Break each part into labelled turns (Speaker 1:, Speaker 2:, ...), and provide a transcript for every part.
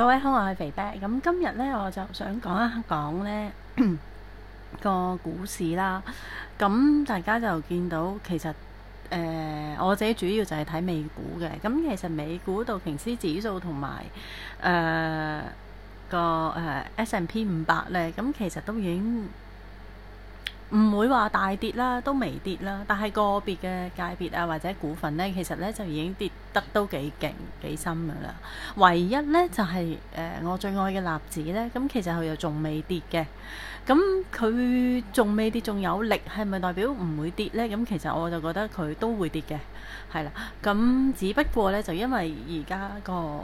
Speaker 1: 各位好，我係肥 B，咁今日咧我就想講一講咧個股市啦。咁大家就見到，其實誒、呃、我自己主要就係睇美股嘅。咁其實美股道瓊斯指數同埋誒個誒 S&P 五百咧，咁其實都已經。唔會話大跌啦，都未跌啦。但係個別嘅界別啊，或者股份呢，其實呢就已經跌得都幾勁、幾深噶啦。唯一呢，就係、是、誒、呃、我最愛嘅納指呢，咁其實佢又仲未跌嘅。咁佢仲未跌，仲有力，係咪代表唔會跌呢？咁其實我就覺得佢都會跌嘅，係啦。咁只不過呢，就因為而家個。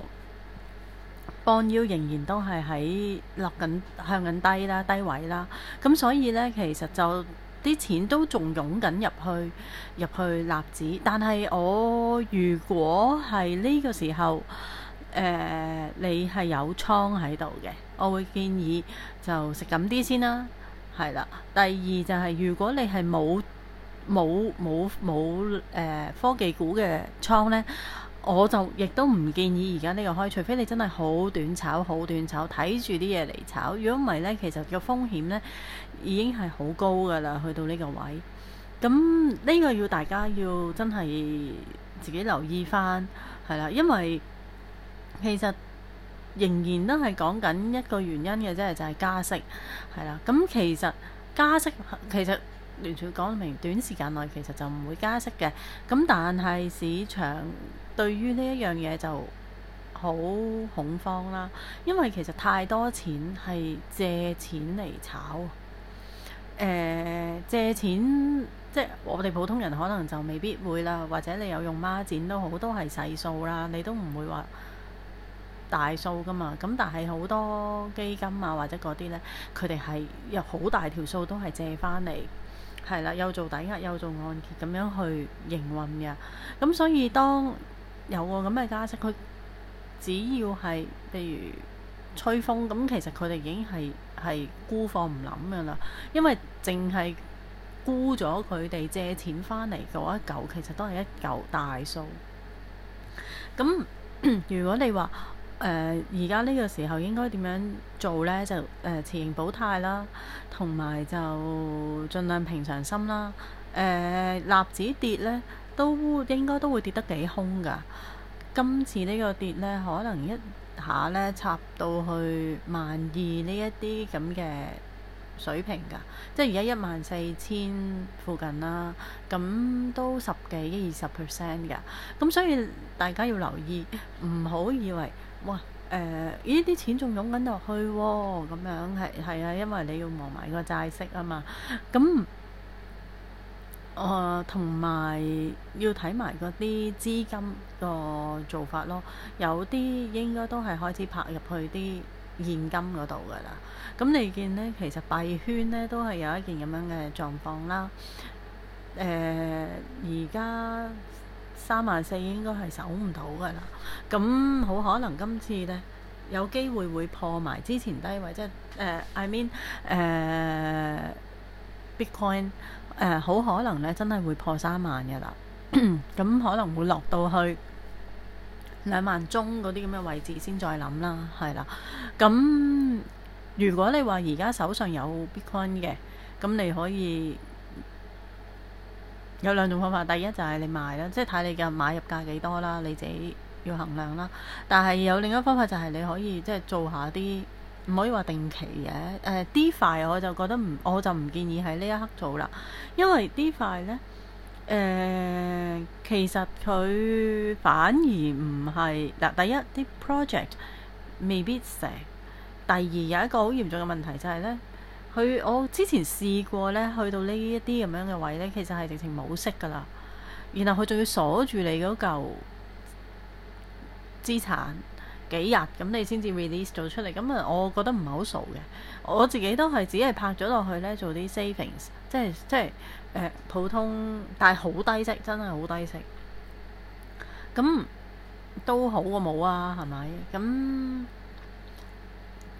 Speaker 1: 幫腰仍然都係喺落緊向緊低啦，低位啦，咁所以呢，其實就啲錢都仲湧緊入去入去納指，但係我如果係呢個時候，誒你係有倉喺度嘅，我會建議就食咁啲先啦，係啦。第二就係如果你係冇冇冇冇誒科技股嘅倉呢。我就亦都唔建議而家呢個開除，除非你真係好短炒、好短炒，睇住啲嘢嚟炒。如果唔係呢，其實個風險呢已經係好高㗎啦，去到呢個位。咁呢個要大家要真係自己留意返，係啦，因為其實仍然都係講緊一個原因嘅啫，就係加息，係啦。咁其實加息其實。完全講明，短時間內其實就唔會加息嘅。咁但係市場對於呢一樣嘢就好恐慌啦，因為其實太多錢係借錢嚟炒。誒、呃，借錢即係我哋普通人可能就未必會啦，或者你有用孖展都好，都係細數啦，你都唔會話大數㗎嘛。咁但係好多基金啊，或者嗰啲呢，佢哋係有好大條數都係借返嚟。係啦，又做抵押，又做按揭咁樣去營運嘅，咁所以當有個咁嘅加息，佢只要係譬如吹風，咁其實佢哋已經係係沽貨唔諗嘅啦，因為淨係沽咗佢哋借錢翻嚟嘅一嚿，其實都係一嚿大數。咁 如果你話，誒而家呢個時候應該點樣做呢？就誒、呃，持盈保泰啦，同埋就儘量平常心啦。誒、呃，納指跌呢，都應該都會跌得幾空㗎。今次呢個跌呢，可能一下呢插到去萬二呢一啲咁嘅水平㗎，即係而家一萬四千附近啦，咁都十幾二十 percent 㗎。咁所以大家要留意，唔好以為。哇！誒、呃，呢啲錢仲湧緊落去喎、哦，咁樣係係啊，因為你要望埋個債息啊嘛，咁誒同埋要睇埋嗰啲資金個做法咯，有啲應該都係開始拍入去啲現金嗰度㗎喇，咁你見呢，其實幣圈呢都係有一件咁樣嘅狀況啦，誒而家。三萬四應該係守唔到噶啦，咁好可能今次呢，有機會會破埋之前低位，即係誒，I mean 誒、uh，Bitcoin 誒、uh, 好可能呢真係會破三萬嘅啦，咁 可能會落到去兩萬中嗰啲咁嘅位置先再諗啦，係啦，咁如果你話而家手上有 Bitcoin 嘅，咁你可以。有兩種方法，第一就係你賣啦，即係睇你嘅買入價幾多啦，你自己要衡量啦。但係有另一方法就係你可以即係做下啲唔可以話定期嘅，誒、呃、DeFi 我就覺得唔，我就唔建議喺呢一刻做啦，因為 DeFi 呢，誒、呃、其實佢反而唔係嗱，第一啲 project 未必成，第二有一個好嚴重嘅問題就係呢。佢我之前試過呢，去到呢一啲咁樣嘅位呢，其實係直情冇息噶啦。然後佢仲要鎖住你嗰嚿資產幾日，咁你先至 release 做出嚟。咁啊，我覺得唔係好傻嘅。我自己都係只係拍咗落去呢，做啲 savings，即係即係、呃、普通，但係好低息，真係好低息。咁都好過冇啊，係咪咁？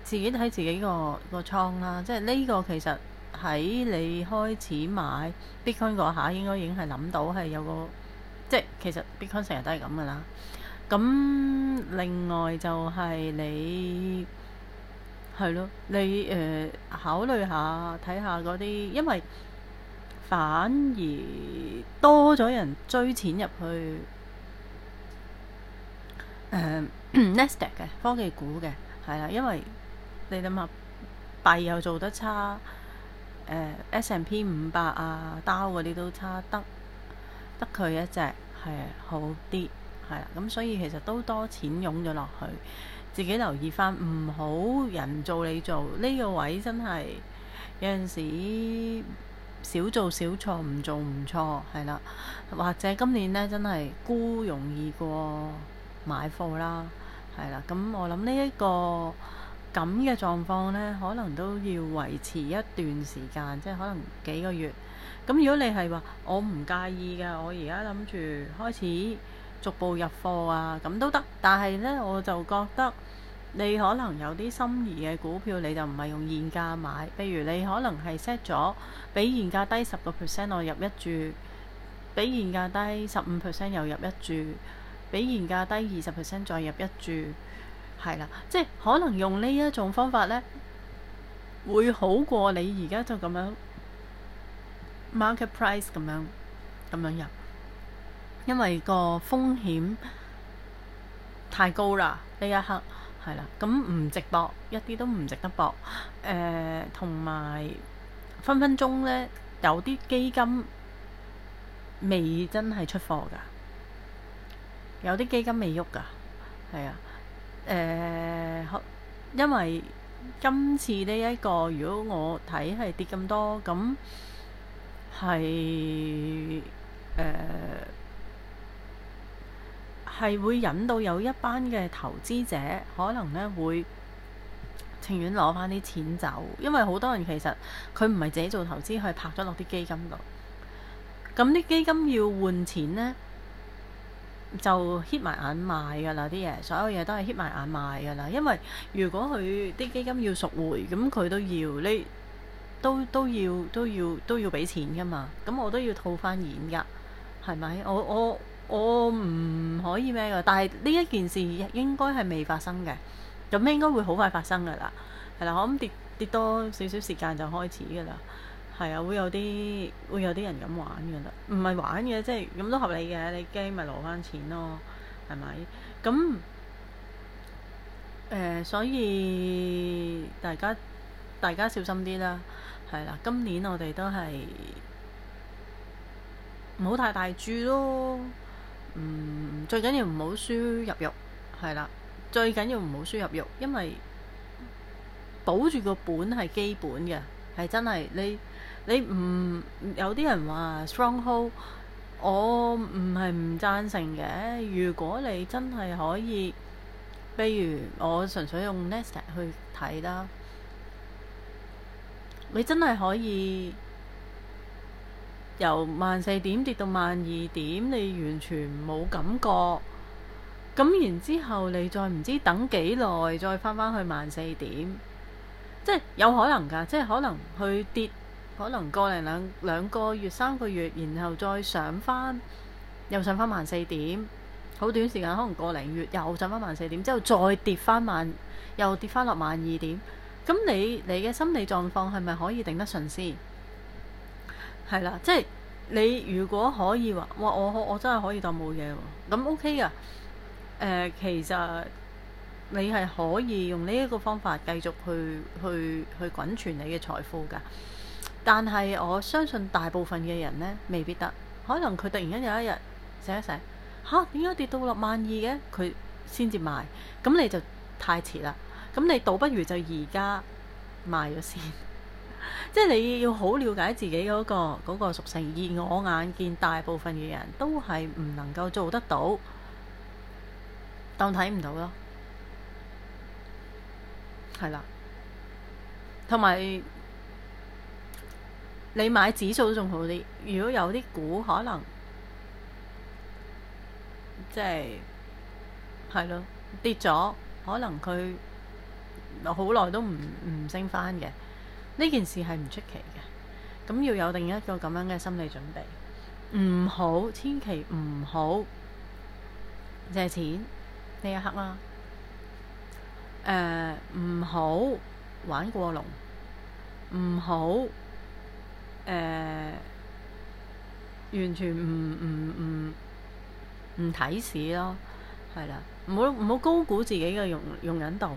Speaker 1: 自己睇自己個個倉啦，即係呢個其實喺你開始買 Bitcoin 嗰下，應該已經係諗到係有個，即係其實 Bitcoin 成日都係咁噶啦。咁另外就係你係咯，你誒考慮下睇下嗰啲，因為反而多咗人追錢入去誒 Nestor 嘅科技股嘅係啦，因為。你諗下，幣又做得差，誒、呃、S&P 五百啊、刀嗰啲都差，得得佢一隻係好啲係啦。咁所以其實都多錢湧咗落去，自己留意翻，唔好人做你做呢、呢個位真係有陣時少做少錯，唔做唔錯係啦。或者今年呢，真係沽容易過買貨啦，係啦。咁我諗呢一個。咁嘅狀況呢，可能都要維持一段時間，即係可能幾個月。咁如果你係話我唔介意嘅，我而家諗住開始逐步入貨啊，咁都得。但係呢，我就覺得你可能有啲心儀嘅股票，你就唔係用現價買。譬如你可能係 set 咗比現價低十個 percent 我入一注，比現價低十五 percent 又入一注，比現價低二十 percent 再入一注。係啦，即係可能用呢一種方法咧，會好過你而家就咁樣 market price 咁樣咁樣入，因為個風險太高啦。呢一刻係啦，咁唔值博，一啲都唔值得博。誒，同埋分分鐘咧有啲基金未真係出貨㗎，有啲基金未喐㗎，係啊。誒、呃，因為今次呢，這，一個，如果我睇係跌咁多，咁係誒係會引到有一班嘅投資者，可能呢會情願攞返啲錢走，因為好多人其實佢唔係自己做投資，佢係拍咗落啲基金度。咁啲基金要換錢呢，就 hit 埋眼賣㗎喇，啲嘢所有嘢都係 hit 埋眼賣㗎喇。因為如果佢啲基金要贖回，咁佢都要你都都要都要都要俾錢㗎嘛。咁我都要套返現㗎，係咪？我我我唔可以咩㗎？但係呢一件事應該係未發生嘅，咁應該會好快發生㗎喇，係喇。我諗跌跌多少少時間就開始㗎喇。係啊，會有啲會有啲人咁玩嘅啦，唔係玩嘅，即係咁都合理嘅。你驚咪攞返錢咯，係咪？咁誒、呃，所以大家大家小心啲啦。係啦、啊，今年我哋都係唔好太大注咯。嗯，最緊要唔好輸入肉，係啦、啊。最緊要唔好輸入肉，因為保住個本係基本嘅，係真係你。你唔有啲人話 strong hold，我唔係唔贊成嘅。如果你真係可以，譬如我純粹用 Nasdaq 去睇啦，你真係可以由萬四點跌到萬二點，你完全冇感覺。咁然之後，你再唔知等幾耐，再翻返去萬四點，即係有可能㗎，即係可能去跌。可能個零兩兩個月三個月，然後再上翻，又上翻萬四點。好短時間，可能個零月又上翻萬四點，之後再跌翻萬，又跌翻落萬二點。咁你你嘅心理狀況係咪可以頂得順先？係啦，即係你如果可以話，哇！我我真係可以當冇嘢喎。咁 OK 噶。誒、呃，其實你係可以用呢一個方法繼續去去去滾存你嘅財富㗎。但係我相信大部分嘅人呢，未必得。可能佢突然間有一日醒一醒，吓點解跌到落萬二嘅？佢先至賣，咁你就太遲啦。咁你倒不如就而家賣咗先，即 係你要好了解自己嗰個嗰個屬性。而我眼見大部分嘅人都係唔能夠做得到，當睇唔到咯，係啦，同埋。你買指數都仲好啲，如果有啲股可能即係係咯跌咗，可能佢好耐都唔唔升翻嘅。呢件事係唔出奇嘅，咁要有另一個咁樣嘅心理準備。唔好，千祈唔好借錢呢一刻啦。誒，唔好玩過龍，唔好。誒、呃、完全唔唔唔唔睇市咯，係啦，唔好唔好高估自己嘅容容忍度。誒、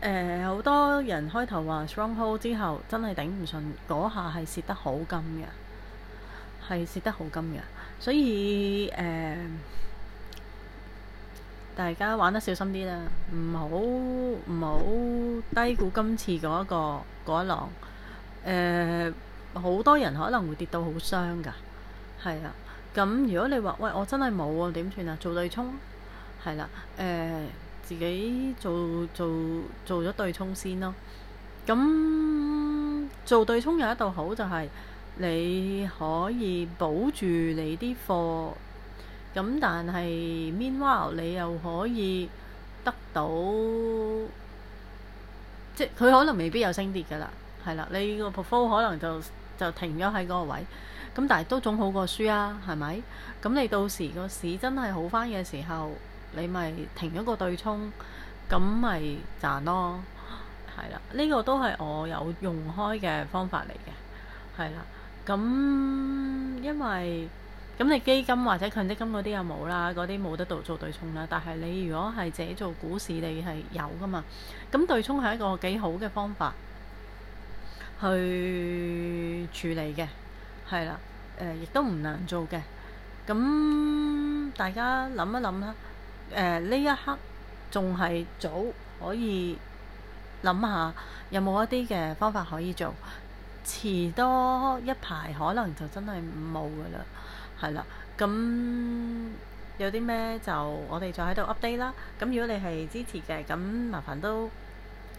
Speaker 1: 呃、好多人開頭話 strong hold 之後，真係頂唔順嗰下係蝕得好金嘅，係蝕得好金嘅。所以誒、呃，大家玩得小心啲啦，唔好唔好低估今次嗰、嗰、一個嗰一浪誒。呃好多人可能會跌到好傷㗎，係啊，咁如果你話喂我真係冇啊，點算啊？做對沖係啦，誒、呃、自己做做做咗對沖先咯。咁、嗯、做對沖有一道好就係、是、你可以保住你啲貨，咁但係 Meanwhile 你又可以得到，即佢可能未必有升跌㗎啦，係啦，你個 portfolio 可能就就停咗喺個位，咁但係都總好過輸啊，係咪？咁你到時個市真係好返嘅時候，你咪停咗個對沖，咁咪賺咯，係啦。呢個都係我有用開嘅方法嚟嘅，係啦。咁因為咁你基金或者強積金嗰啲又冇啦，嗰啲冇得到做對沖啦。但係你如果係自己做股市，你係有噶嘛？咁對沖係一個幾好嘅方法。去處理嘅，係啦，誒、呃、亦都唔難做嘅。咁大家諗一諗啦，誒、呃、呢一刻仲係早，可以諗下有冇一啲嘅方法可以做，遲多一排可能就真係冇㗎啦，係啦。咁有啲咩就我哋就喺度 update 啦。咁如果你係支持嘅，咁麻煩都